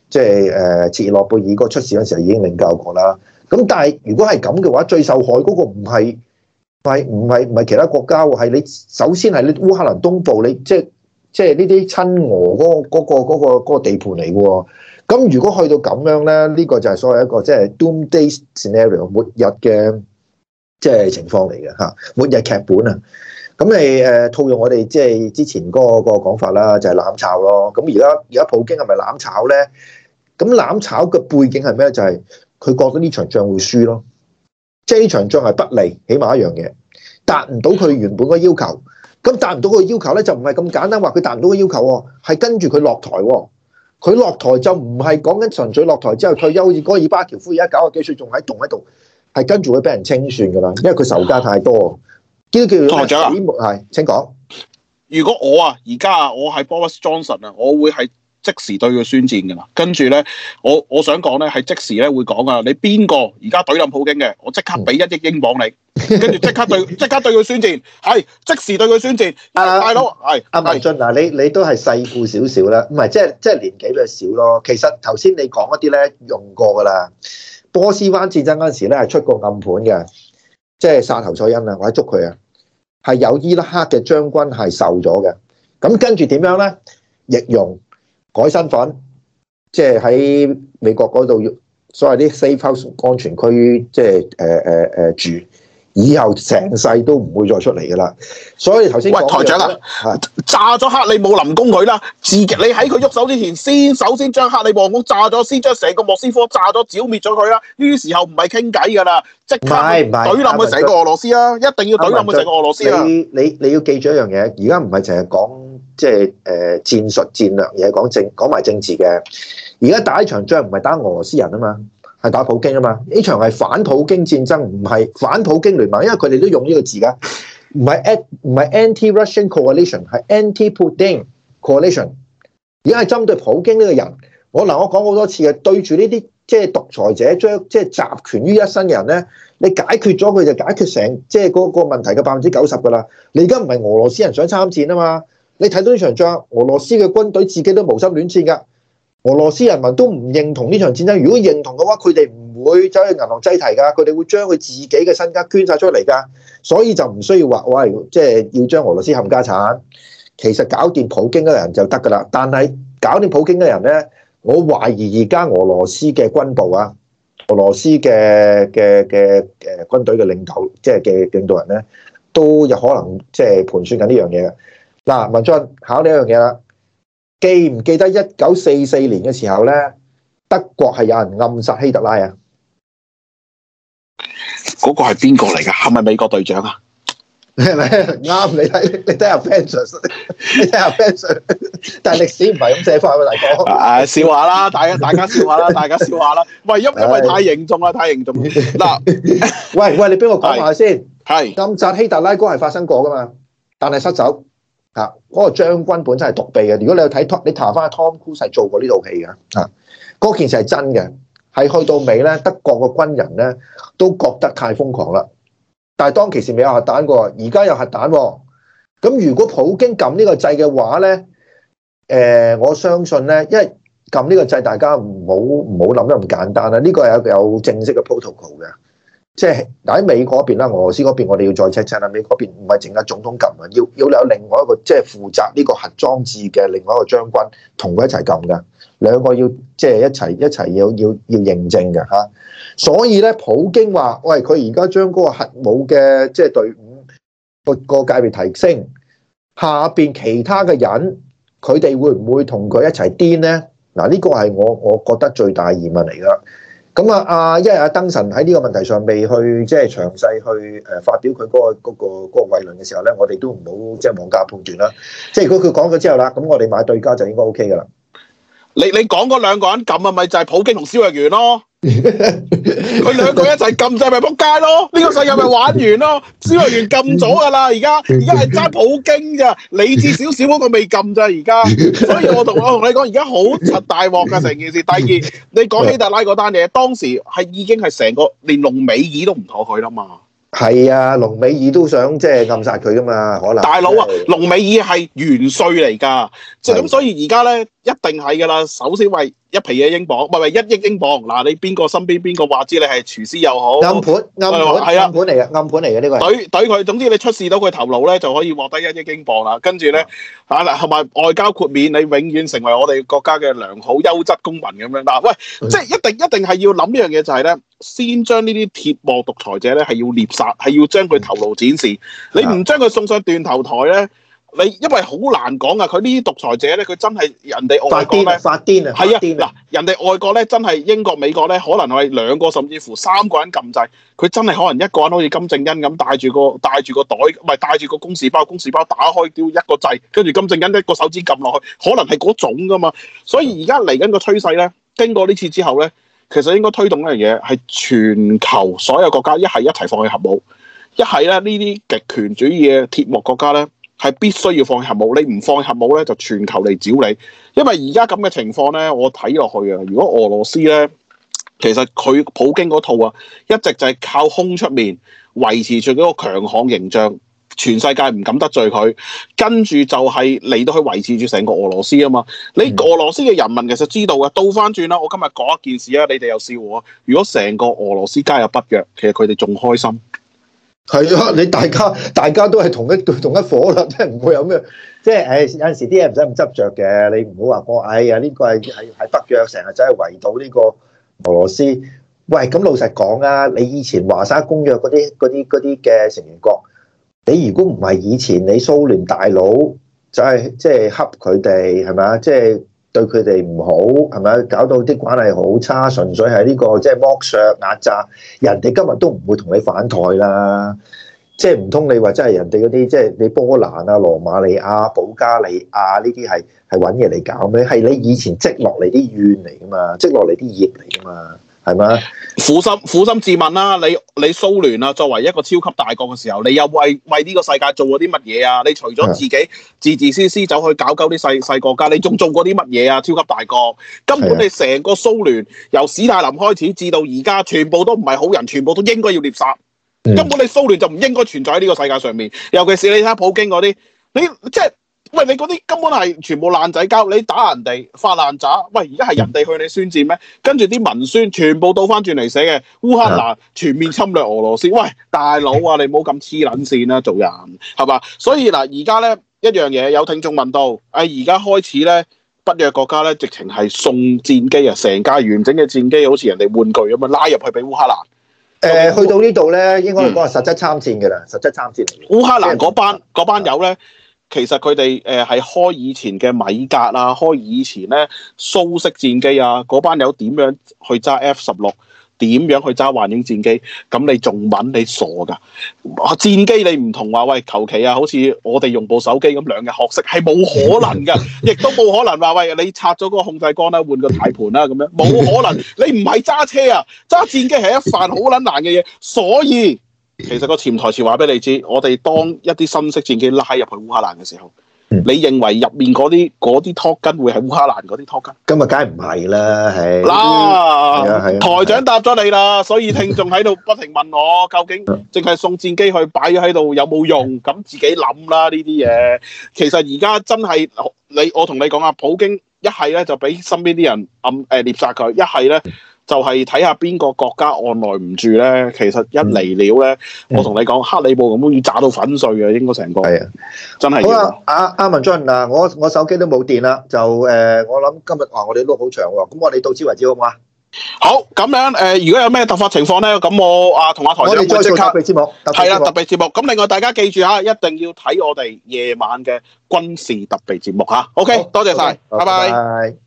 即係誒切爾諾貝爾嗰出事嗰陣時候已經領教過啦。咁但係如果係咁嘅話，最受害嗰個唔係唔係唔係其他國家喎，係你首先係你烏克蘭東部，你即係即係呢啲親俄嗰個嗰個嗰個嗰個地盤嚟嘅。咁如果去到咁樣咧，呢個就係所謂一個即係 doomday scenario 末日嘅即係情況嚟嘅嚇，末日劇本啊！咁你誒套用我哋即係之前嗰個嗰個講法啦，就係、是、攬炒咯。咁而家而家普京係咪攬炒咧？咁攬炒嘅背景係咩？就係佢覺得呢場仗會輸咯，即係呢場仗係不利，起碼一樣嘢達唔到佢原本嘅要求。咁達唔到佢要求咧，就唔係咁簡單話佢達唔到嘅要求喎，係跟住佢落台喎。佢落台就唔係講緊純粹落台之後退休，而戈爾巴喬夫而家九十幾歲仲喺仲喺度，係跟住佢俾人清算㗎啦，因為佢仇家太多。啲叫台長啊，係，請講。如果我啊，而家啊，我係 Boris Johnson 啊，我會係即時對佢宣戰噶啦。跟住咧，我我想講咧，係即時咧會講啊。你邊個而家懟冧普京嘅？我即刻俾一億英鎊你，嗯、 [LAUGHS] 跟住即刻對，即刻對佢宣戰，係即時對佢宣戰。 [LAUGHS] 大佬，係阿文進，嗱、啊啊是，你你都係世故少少啦，唔係即係即係年紀比較少咯。其實頭先你講嗰啲咧，用過噶啦。波斯灣戰爭嗰時咧係出過暗盤嘅。即係殺侯賽因啊，或者捉佢啊，係有伊拉克嘅將軍係受咗嘅。咁跟住點樣咧？易容改身份，即係喺美國嗰度，所謂啲 safe house 安全區，即係誒誒誒住。以後成世都唔會再出嚟噶啦，所以頭先喂台長啦，炸咗克里姆林宮佢啦，自極你喺佢喐手之前，先首先將克里姆林宮炸咗，先將成個莫斯科炸咗，剿滅咗佢啦。呢啲時候唔係傾偈噶啦，即刻懟冧佢成個俄羅斯啦，一定要懟冧佢成個俄羅斯啦。你你要記住一樣嘢，而家唔係成日講即係誒戰術戰略，而係講政講埋政治嘅。而家打呢場仗唔係打俄羅斯人啊嘛。打普京啊嘛！呢場係反普京戰爭，唔係反普京聯盟，因為佢哋都用呢個字噶，唔係 a 唔係 anti-Russian coalition，係 anti-Putin coalition。而家係針對普京呢個人，我嗱我講好多次嘅，對住呢啲即係獨裁者、將即係集權於一身嘅人咧，你解決咗佢就解決成即係嗰個問題嘅百分之九十噶啦。你而家唔係俄羅斯人想參戰啊嘛？你睇到呢場仗，俄羅斯嘅軍隊自己都無心戀戰噶。俄羅斯人民都唔認同呢場戰爭，如果認同嘅話，佢哋唔會走去銀行擠提㗎，佢哋會將佢自己嘅身家捐晒出嚟㗎，所以就唔需要話喂，即係要將俄羅斯冚家產。其實搞掂普京嗰人就得㗎啦，但係搞掂普京嘅人呢，我懷疑而家俄羅斯嘅軍部啊，俄羅斯嘅嘅嘅誒軍隊嘅領導，即係嘅領導人呢，都有可能即係盤算緊呢樣嘢。嗱，文進考你一樣嘢啦。記唔記得一九四四年嘅時候咧，德國係有人暗殺希特拉啊？嗰個係邊個嚟噶？係咪美國隊長啊？係咪啱？你睇，你睇下 Avengers，你睇下 Avengers。但係歷史唔係咁寫法，嚟講。誒，笑下啦，大大家笑下啦，大家笑下啦。喂，因因為太凝重啦，太凝重。嗱，喂喂，你俾我講下先。係暗殺希特拉，哥係發生過噶嘛？但係失走。啊！嗰個將軍本身係獨臂嘅。如果你去睇湯，你查翻 Tom Cruise 係做過呢套戲嘅。啊，嗰件事係真嘅，係去到尾咧，德國嘅軍人咧都覺得太瘋狂啦。但係當其時未有核彈喎，而家有核彈，哦。咁如果普京撳呢個掣嘅話咧，誒、呃，我相信咧，因為撳呢個掣，大家唔好唔好諗得咁簡單啦。呢、呢個係有有正式嘅 protocol 嘅。即係喺美國嗰邊啦，俄羅斯嗰邊我哋要再 check check 啦。美國嗰邊唔係淨係總統撳啊，要要有另外一個即係、就是、負責呢個核裝置嘅另外一個將軍同佢一齊撳噶，兩個要即係、就是、一齊一齊要要要認證噶嚇、啊。所以咧，普京話：喂，佢而家將嗰個核武嘅即係隊伍個個界別提升，下邊其他嘅人佢哋會唔會同佢一齊癲咧？嗱、啊、呢、呢個係我我覺得最大疑問嚟噶。咁啊，因為阿燈神喺呢個問題上未去即係、就是、詳細去誒發表佢嗰、那個嗰、那個偉、那個、論嘅時候咧，我哋都唔好即係妄加判斷啦。即係如果佢講咗之後啦，咁我哋買對家就應該 OK 噶啦。你你講嗰兩個人咁啊，咪就係普京同蕭若元咯。佢兩個一齊撳掣咪仆街咯，呢 [LAUGHS] 個世界咪玩完咯。蘇聯撳咗噶啦，而家而家係揸普京咋？理智少少嗰個未撳咋，而家。所以我同我同你講，而家好柒大鑊噶成件事。第二，你講希特拉嗰單嘢，當時係已經係成個連隆美爾都唔妥佢啦嘛。係啊，隆美爾都想即係暗殺佢噶嘛，可能。大佬哥啊，隆美爾係元帥嚟噶，即係咁，所以而家咧。一定係噶啦，首先喂一皮嘢英鎊，唔係一億英鎊。嗱，你邊個身邊邊個話知你係廚師又好？暗盤暗盤係啊，暗盤嚟嘅暗盤嚟嘅呢個。懟懟佢，總之你出示到佢頭腦咧，就可以獲得一億英鎊啦。跟住咧，啊嗱的，同埋外交豁免，你永遠成為我哋國家嘅良好優質公民咁樣。嗱，喂，的即係一定一定係要諗一樣嘢，就係、是、咧，先將呢啲鐵幕獨裁者咧係要獵殺，係要將佢頭顱展示。你唔將佢送上斷頭台咧？的的你因為好難講啊！佢呢啲獨裁者咧，佢真係人哋外國咧發癲，係啊嗱，人哋外國咧真係英國、美國咧，可能係兩個甚至乎三個人撳掣，佢真係可能一個人好似金正恩咁，帶住個帶住個袋唔係帶住個公事包，公事包打開丟一個掣，跟住金正恩一個手指撳落去，可能係嗰種噶嘛。所以而家嚟緊個趨勢咧，經過呢次之後咧，其實應該推動一樣嘢係全球所有國家一係一齊放棄核武，一係咧呢啲極權主義嘅鐵幕國家咧。係必須要放核武，你唔放核武咧就全球嚟剿你。因為而家咁嘅情況咧，我睇落去啊，如果俄羅斯咧，其實佢普京嗰套啊，一直就係靠空出面維持住嗰個強悍形象，全世界唔敢得罪佢，跟住就係嚟到去維持住成個俄羅斯啊嘛。你俄羅斯嘅人民其實知道噶，倒翻轉啦，我今日講一件事啊，你哋又笑我。如果成個俄羅斯加入北約，其實佢哋仲開心。係啊，你大家大家都係同一句同一夥啦，即係唔會有咩，即係誒有陣時啲嘢唔使咁執着嘅。你唔好話我，哎呀呢個係係喺北約成日真係圍堵呢個俄羅斯，喂咁老實講啊，你以前華沙公約嗰啲啲啲嘅成員國，你如果唔係以前你蘇聯大佬就係即係恰佢哋係咪啊？即係。對佢哋唔好係咪？搞到啲關係好差，純粹係呢個即係剝削壓榨，人哋今日都唔會同你反台啦。即係唔通你話真係人哋嗰啲即係你波蘭啊、羅馬尼亞、保加利亞呢啲係係揾嘢嚟搞咩？係你以前積落嚟啲怨嚟㗎嘛，積落嚟啲業嚟㗎嘛。係咩？苦心苦心自問啦、啊，你你蘇聯啊，作為一個超級大國嘅時候，你又為為呢個世界做過啲乜嘢啊？你除咗自己自自私私走去搞搞啲細細國家，你仲做過啲乜嘢啊？超級大國，根本你成個蘇聯由史泰林開始至到而家，全部都唔係好人，全部都應該要獵殺。是的 根本你蘇聯就唔應該存在喺呢個世界上面。尤其是你睇下普京嗰啲，你即係。喂，你嗰啲根本係全部爛仔交，你打人哋發爛渣。喂，而家係人哋去你宣戰咩？跟住啲文宣全部倒翻轉嚟寫嘅。烏克蘭全面侵略俄羅斯。喂，大佬啊，你唔好咁黐捻線啦，做人係嘛？所以嗱，而家咧一樣嘢，有聽眾問到，誒，而家開始咧，北約國家咧，直情係送戰機啊，成架完整嘅戰機，好似人哋玩具咁啊，拉入去俾烏克蘭。誒、呃，去到呢度咧，應該講係實質參戰噶啦，實質參戰。烏、嗯、克蘭嗰班嗰班友咧。嗯嗯其實佢哋誒係開以前嘅米格啊，開以前咧蘇式戰機啊，嗰班友點樣去揸 F 十六，點樣去揸幻影戰機？咁你仲搵你傻噶？戰機你唔同話喂，求其啊，好似我哋用部手機咁樣兩日學識係冇可能噶，亦都冇可能話喂，你拆咗個控制杆啦，換個大盤啦咁樣，冇可能！你唔係揸車啊，揸戰機係一份好捻難嘅嘢，所以。其實個潛台詞話俾你知，我哋當一啲新式戰機拉入去烏克蘭嘅時候，嗯、你認為入面嗰啲嗰啲拖跟會係烏克蘭嗰啲拖跟？今日梗係唔係啦，唉，嗱，台長答咗你啦， [LAUGHS] 所以聽眾喺度不停問我，究竟淨係送戰機去擺咗喺度有冇用？咁自己諗啦呢啲嘢。其實而家真係你我同你講啊，普京一係咧就俾身邊啲人暗誒獵殺佢，一係咧。就係睇下邊個國家按耐唔住咧？其實一嚟料咧，嗯、我同你講，克里布咁都要炸到粉碎嘅，應該成個、啊、真係。好啦，阿阿文俊嗱，我我手機都冇電啦，就誒，我諗今日話我哋都好長喎，咁我哋到此為止好唔好啊？啊啊啊呃、啊啊好，好，咁樣誒、呃，如果有咩突發情況咧，咁我啊同阿台長即刻，係啦、啊，特別節目。咁另外大家記住啊，一定要睇我哋夜晚嘅軍事特別節目嚇。OK，多謝晒好，拜拜。拜拜。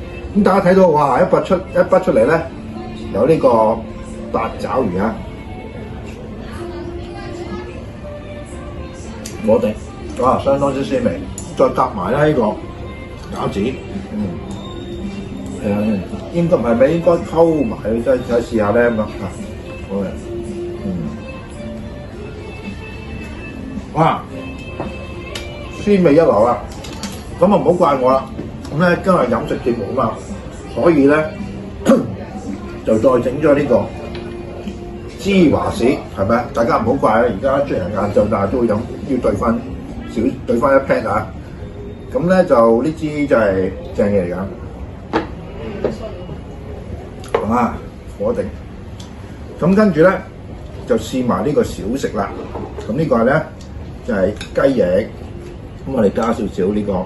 大家睇到哇，一筆出嚟一筆出嚟咧，有呢個八爪魚啊，我哋哇，相當之鮮味，再夾埋咧呢個餃子，嗯，係啊，應該唔係咩？應該溝埋，再試下呢，好啊，哇，鮮味一流啊，咁啊唔好怪我啦。咁咧今日飲食節目啊嘛，所以咧就再整咗呢個芝華士，係咪大家唔好怪啊！而家出人晏晝，但係都會飲，要兌翻少，兌翻一 pat 啊！咁咧就呢支就係正嘢嚟㗎，係嘛？我定。咁跟住咧就試埋呢個小食啦。咁呢個咧就係、係、雞翼，咁我哋加少少呢、呢個。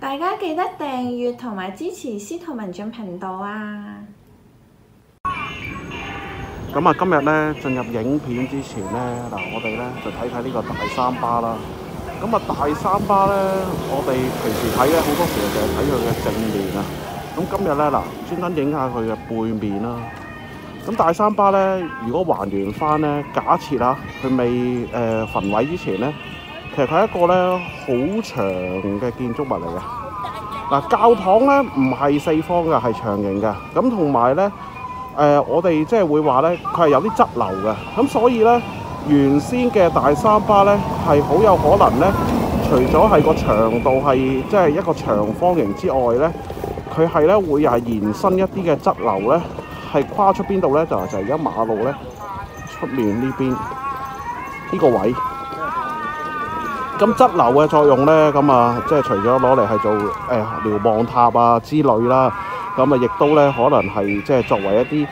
大家記得訂閱同埋支持司徒文進頻道啊！咁啊，今日咧進入影片之前咧，嗱，我哋咧就睇睇呢個大三巴啦。咁啊，大三巴咧，我哋平時睇咧好多時候就係睇佢嘅正面啊。咁今日咧，嗱，專登影下佢嘅背面啦。咁大三巴咧，如果還原翻咧，假設啊，佢未誒焚毀之前咧。其實佢係一個咧好長嘅建築物嚟嘅，嗱，教堂咧唔係四方嘅，係長形嘅。咁同埋咧，誒、呃、我哋即係會話咧，佢係有啲側流嘅。咁所以咧，原先嘅大三巴咧係好有可能咧，除咗係個長度係即係一個長方形之外咧，佢係咧會係延伸一啲嘅側流咧，係跨出邊度咧就就係而家馬路咧出面呢邊呢個位。咁側樓嘅作用咧，咁啊，即係除咗攞嚟係做誒瞭望塔啊之類啦，咁啊，亦都咧可能係即係作為一啲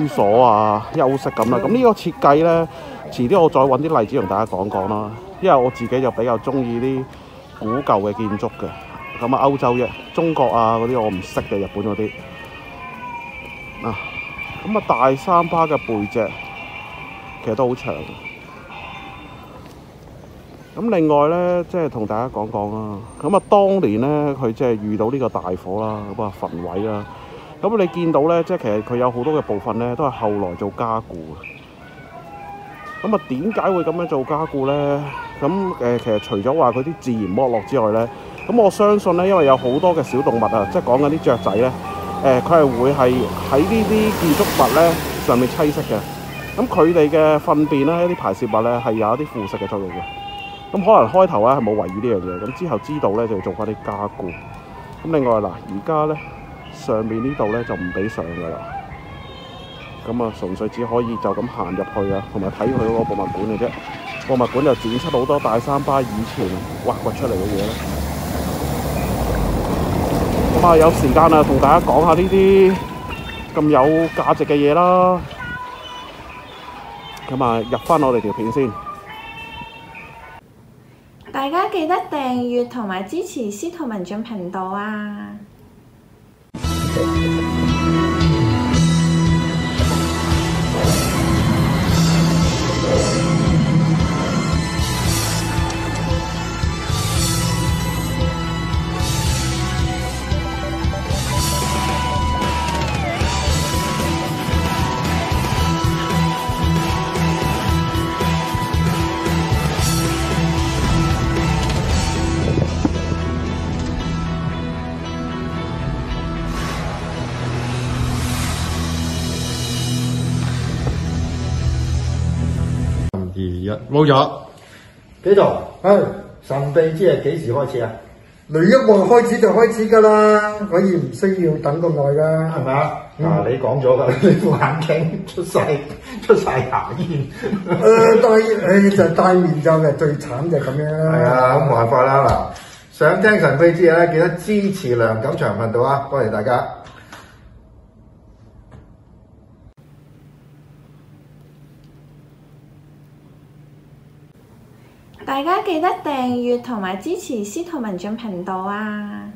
居所啊、休息咁、啊、啦。咁呢個設計咧，遲啲我再搵啲例子同大家講講啦。因為我自己就比較中意啲古舊嘅建築嘅。咁啊，歐洲嘅、中國啊嗰啲我唔識嘅，日本嗰啲啊。咁啊，大三巴嘅背脊其實都好長。咁另外咧，即係同大家講講啦。咁啊，當年咧，佢即係遇到呢個大火啦，咁啊焚毀啦。咁你見到咧，即係其實佢有好多嘅部分咧，都係後來做加固啊。咁啊，點解會咁樣做加固咧？咁誒、呃，其實除咗話佢啲自然剝落之外咧，咁我相信咧，因為有好多嘅小動物啊，即係講緊啲雀仔咧，誒佢係會係喺呢啲建築物咧上面棲息嘅。咁佢哋嘅糞便咧、一啲排泄物咧，係有一啲腐蝕嘅作用嘅。咁可能開頭咧係冇懷疑呢樣嘢，咁之後知道咧就要做翻啲加固。咁另外嗱，而家咧上面呢度咧就唔俾上噶啦。咁啊，純粹只可以就咁行入去啊，同埋睇佢嗰個博物館嘅啫。博物館又展出好多大三巴以前挖掘出嚟嘅嘢。咁啊、嗯，有時間啊，同大家講下呢啲咁有價值嘅嘢啦。咁、嗯、啊，入翻我哋條片先。大家記得訂閱同埋支持司徒文進頻道啊！好咗，幾多？唉，神秘之夜幾時開始啊？你一話開始就開始噶啦，可以唔需要等咁耐噶，係咪啊？嗱，你講咗噶，你副眼鏡出晒出晒牙煙，誒，戴誒就戴面罩嘅，最慘就係咁樣啦。係啊，咁冇辦法啦。嗱，想聽神秘之夜咧，記得支持梁錦祥頻道啊！多謝大家。大家記得訂閱同埋支持司徒文進頻道啊！